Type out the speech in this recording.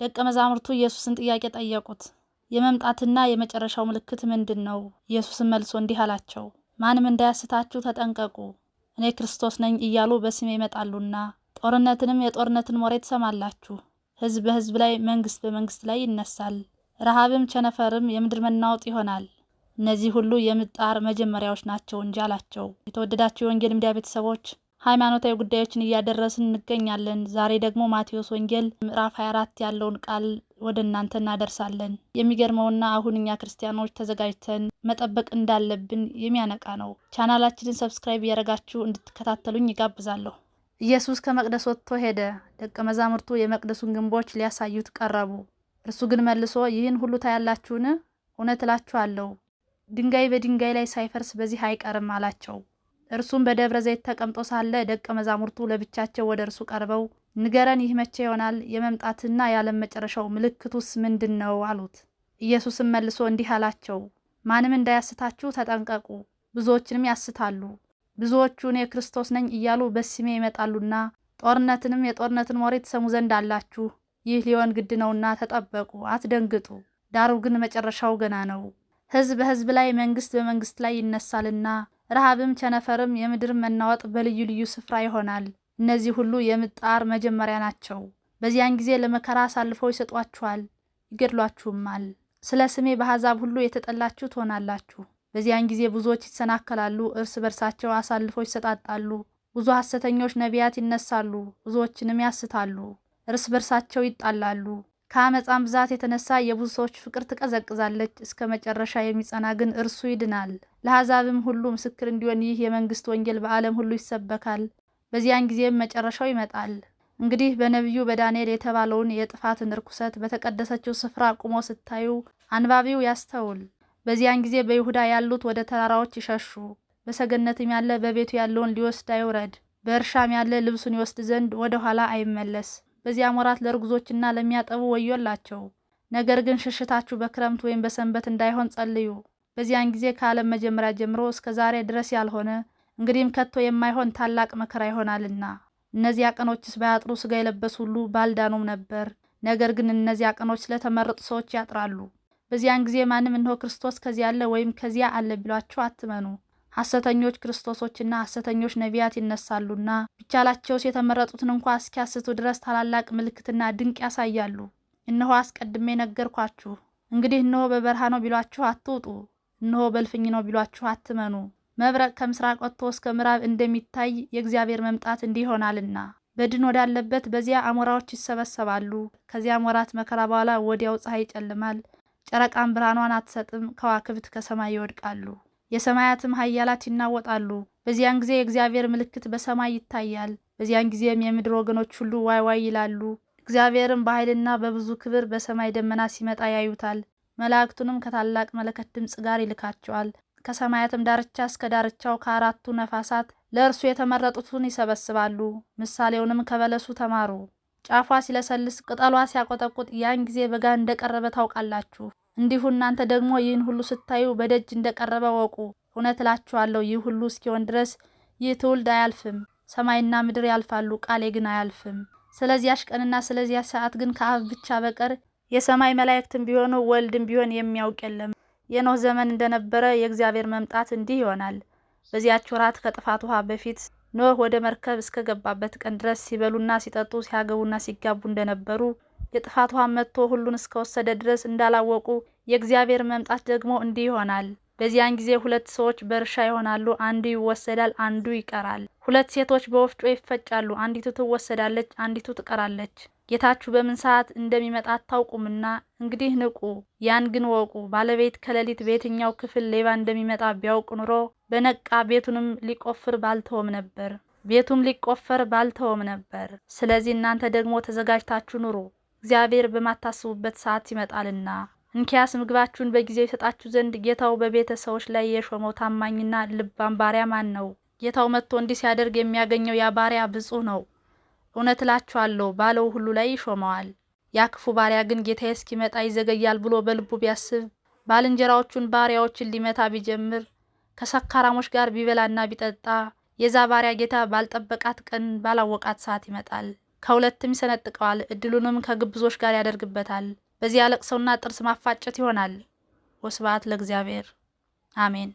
ደቀ መዛሙርቱ ኢየሱስን ጥያቄ ጠየቁት። የመምጣትና የመጨረሻው ምልክት ምንድን ነው? ኢየሱስን መልሶ እንዲህ አላቸው፣ ማንም እንዳያስታችሁ ተጠንቀቁ። እኔ ክርስቶስ ነኝ እያሉ በስሜ ይመጣሉና ጦርነትንም የጦርነትን ወሬ ትሰማላችሁ። ሕዝብ በሕዝብ ላይ መንግስት በመንግስት ላይ ይነሳል። ረሃብም ቸነፈርም የምድር መናወጥ ይሆናል። እነዚህ ሁሉ የምጣር መጀመሪያዎች ናቸው እንጂ አላቸው። የተወደዳችሁ የወንጌል ሚዲያ ቤተሰቦች ሃይማኖታዊ ጉዳዮችን እያደረስን እንገኛለን። ዛሬ ደግሞ ማቴዎስ ወንጌል ምዕራፍ 24 ያለውን ቃል ወደ እናንተ እናደርሳለን። የሚገርመውና አሁን እኛ ክርስቲያኖች ተዘጋጅተን መጠበቅ እንዳለብን የሚያነቃ ነው። ቻናላችንን ሰብስክራይብ እያደረጋችሁ እንድትከታተሉኝ ይጋብዛለሁ። ኢየሱስ ከመቅደስ ወጥቶ ሄደ። ደቀ መዛሙርቱ የመቅደሱን ግንቦች ሊያሳዩት ቀረቡ። እርሱ ግን መልሶ ይህን ሁሉ ታያላችሁን? እውነት እላችኋለሁ ድንጋይ በድንጋይ ላይ ሳይፈርስ በዚህ አይቀርም አላቸው። እርሱም በደብረ ዘይት ተቀምጦ ሳለ ደቀ መዛሙርቱ ለብቻቸው ወደ እርሱ ቀርበው ንገረን፣ ይህ መቼ ይሆናል? የመምጣትና የዓለም መጨረሻው ምልክቱስ ምንድን ነው? አሉት። ኢየሱስም መልሶ እንዲህ አላቸው፣ ማንም እንዳያስታችሁ ተጠንቀቁ። ብዙዎችንም ያስታሉ። ብዙዎቹ እኔ ክርስቶስ ነኝ እያሉ በስሜ ይመጣሉና ጦርነትንም የጦርነትን ወሬ ትሰሙ ዘንድ አላችሁ። ይህ ሊሆን ግድ ነውና ተጠበቁ፣ አትደንግጡ። ዳሩ ግን መጨረሻው ገና ነው። ሕዝብ በሕዝብ ላይ መንግስት በመንግስት ላይ ይነሳልና ረሃብም ቸነፈርም የምድር መናወጥ በልዩ ልዩ ስፍራ ይሆናል። እነዚህ ሁሉ የምጣር መጀመሪያ ናቸው። በዚያን ጊዜ ለመከራ አሳልፈው ይሰጧችኋል፣ ይገድሏችሁማል። ስለ ስሜ በአሕዛብ ሁሉ የተጠላችሁ ትሆናላችሁ። በዚያን ጊዜ ብዙዎች ይሰናከላሉ፣ እርስ በርሳቸው አሳልፈው ይሰጣጣሉ። ብዙ ሐሰተኞች ነቢያት ይነሳሉ፣ ብዙዎችንም ያስታሉ። እርስ በርሳቸው ይጣላሉ። ከአመፃም ብዛት የተነሳ የብዙ ሰዎች ፍቅር ትቀዘቅዛለች። እስከ መጨረሻ የሚጸና ግን እርሱ ይድናል። ለአሕዛብም ሁሉ ምስክር እንዲሆን ይህ የመንግስት ወንጌል በዓለም ሁሉ ይሰበካል። በዚያን ጊዜም መጨረሻው ይመጣል። እንግዲህ በነቢዩ በዳንኤል የተባለውን የጥፋትን ርኩሰት በተቀደሰችው ስፍራ ቁሞ ስታዩ አንባቢው ያስተውል። በዚያን ጊዜ በይሁዳ ያሉት ወደ ተራራዎች ይሸሹ። በሰገነትም ያለ በቤቱ ያለውን ሊወስድ አይውረድ። በእርሻም ያለ ልብሱን ይወስድ ዘንድ ወደ ኋላ አይመለስ። በዚያ ወራት ለርጉዞችና ለሚያጠቡ ወዮላቸው። ነገር ግን ሽሽታችሁ በክረምት ወይም በሰንበት እንዳይሆን ጸልዩ። በዚያን ጊዜ ከዓለም መጀመሪያ ጀምሮ እስከ ዛሬ ድረስ ያልሆነ እንግዲህም ከቶ የማይሆን ታላቅ መከራ ይሆናልና። እነዚያ ቀኖችስ ባያጥሩ ሥጋ የለበሱ ሁሉ ባልዳኑም ነበር። ነገር ግን እነዚያ ቀኖች ስለተመረጡ ሰዎች ያጥራሉ። በዚያን ጊዜ ማንም እንሆ ክርስቶስ ከዚያ አለ ወይም ከዚያ አለ ቢሏችሁ አትመኑ። ሐሰተኞች ክርስቶሶችና ሐሰተኞች ነቢያት ይነሳሉና ቢቻላቸውስ የተመረጡትን እንኳ እስኪያስቱ ድረስ ታላላቅ ምልክትና ድንቅ ያሳያሉ። እነሆ አስቀድሜ ነገርኳችሁ። እንግዲህ እነሆ በበረሃ ነው ቢሏችሁ አትውጡ፣ እነሆ በልፍኝ ነው ቢሏችሁ አትመኑ። መብረቅ ከምስራቅ ወጥቶ እስከ ምዕራብ እንደሚታይ የእግዚአብሔር መምጣት እንዲህ ይሆናልና በድን ወዳለበት በዚያ አሞራዎች ይሰበሰባሉ። ከዚያም ወራት መከራ በኋላ ወዲያው ፀሐይ ይጨልማል፣ ጨረቃም ብርሃኗን አትሰጥም፣ ከዋክብት ከሰማይ ይወድቃሉ። የሰማያትም ኃያላት ይናወጣሉ። በዚያን ጊዜ የእግዚአብሔር ምልክት በሰማይ ይታያል። በዚያን ጊዜም የምድር ወገኖች ሁሉ ዋይ ዋይ ይላሉ። እግዚአብሔርም በኃይልና በብዙ ክብር በሰማይ ደመና ሲመጣ ያዩታል። መላእክቱንም ከታላቅ መለከት ድምፅ ጋር ይልካቸዋል። ከሰማያትም ዳርቻ እስከ ዳርቻው ከአራቱ ነፋሳት ለእርሱ የተመረጡትን ይሰበስባሉ። ምሳሌውንም ከበለሱ ተማሩ። ጫፏ ሲለሰልስ ቅጠሏ ሲያቆጠቁጥ ያን ጊዜ በጋ እንደቀረበ ታውቃላችሁ። እንዲሁ እናንተ ደግሞ ይህን ሁሉ ስታዩ በደጅ እንደቀረበ ወቁ። እውነት እላችኋለሁ ይህ ሁሉ እስኪሆን ድረስ ይህ ትውልድ አያልፍም። ሰማይና ምድር ያልፋሉ፣ ቃሌ ግን አያልፍም። ስለዚያሽ ቀንና ስለዚያ ሰዓት ግን ከአብ ብቻ በቀር የሰማይ መላእክትም ቢሆኑ ወልድም ቢሆን የሚያውቅ የለም። የኖህ ዘመን እንደነበረ የእግዚአብሔር መምጣት እንዲህ ይሆናል። በዚያች ወራት ከጥፋት ውሃ በፊት ኖህ ወደ መርከብ እስከገባበት ቀን ድረስ ሲበሉና ሲጠጡ ሲያገቡና ሲጋቡ እንደነበሩ የጥፋት ውሃ መጥቶ ሁሉን እስከወሰደ ድረስ እንዳላወቁ የእግዚአብሔር መምጣት ደግሞ እንዲህ ይሆናል። በዚያን ጊዜ ሁለት ሰዎች በእርሻ ይሆናሉ፣ አንዱ ይወሰዳል፣ አንዱ ይቀራል። ሁለት ሴቶች በወፍጮ ይፈጫሉ፣ አንዲቱ ትወሰዳለች፣ አንዲቱ ትቀራለች። ጌታችሁ በምን ሰዓት እንደሚመጣ አታውቁምና እንግዲህ ንቁ። ያን ግን ወቁ፣ ባለቤት ከሌሊት በየትኛው ክፍል ሌባ እንደሚመጣ ቢያውቅ ኑሮ በነቃ ቤቱንም ሊቆፍር ባልተወም ነበር፣ ቤቱም ሊቆፈር ባልተወም ነበር። ስለዚህ እናንተ ደግሞ ተዘጋጅታችሁ ኑሩ፣ እግዚአብሔር በማታስቡበት ሰዓት ይመጣልና። እንኪያስ ምግባችሁን በጊዜው ይሰጣችሁ ዘንድ ጌታው በቤተ ሰዎች ላይ የሾመው ታማኝና ልባም ባሪያ ማን ነው? ጌታው መጥቶ እንዲህ ሲያደርግ የሚያገኘው ያ ባሪያ ብፁዕ ነው። እውነት እላችኋለሁ ባለው ሁሉ ላይ ይሾመዋል። ያ ክፉ ባሪያ ግን ጌታዬ እስኪመጣ ይዘገያል ብሎ በልቡ ቢያስብ ባልንጀራዎቹን ባሪያዎችን ሊመታ ቢጀምር ከሰካራሞች ጋር ቢበላና ቢጠጣ የዛ ባሪያ ጌታ ባልጠበቃት ቀን ባላወቃት ሰዓት ይመጣል። ከሁለትም ይሰነጥቀዋል። እድሉንም ከግብዞች ጋር ያደርግበታል። በዚያ ለቅሰውና ጥርስ ማፋጨት ይሆናል። ወስብሐት ለእግዚአብሔር አሜን።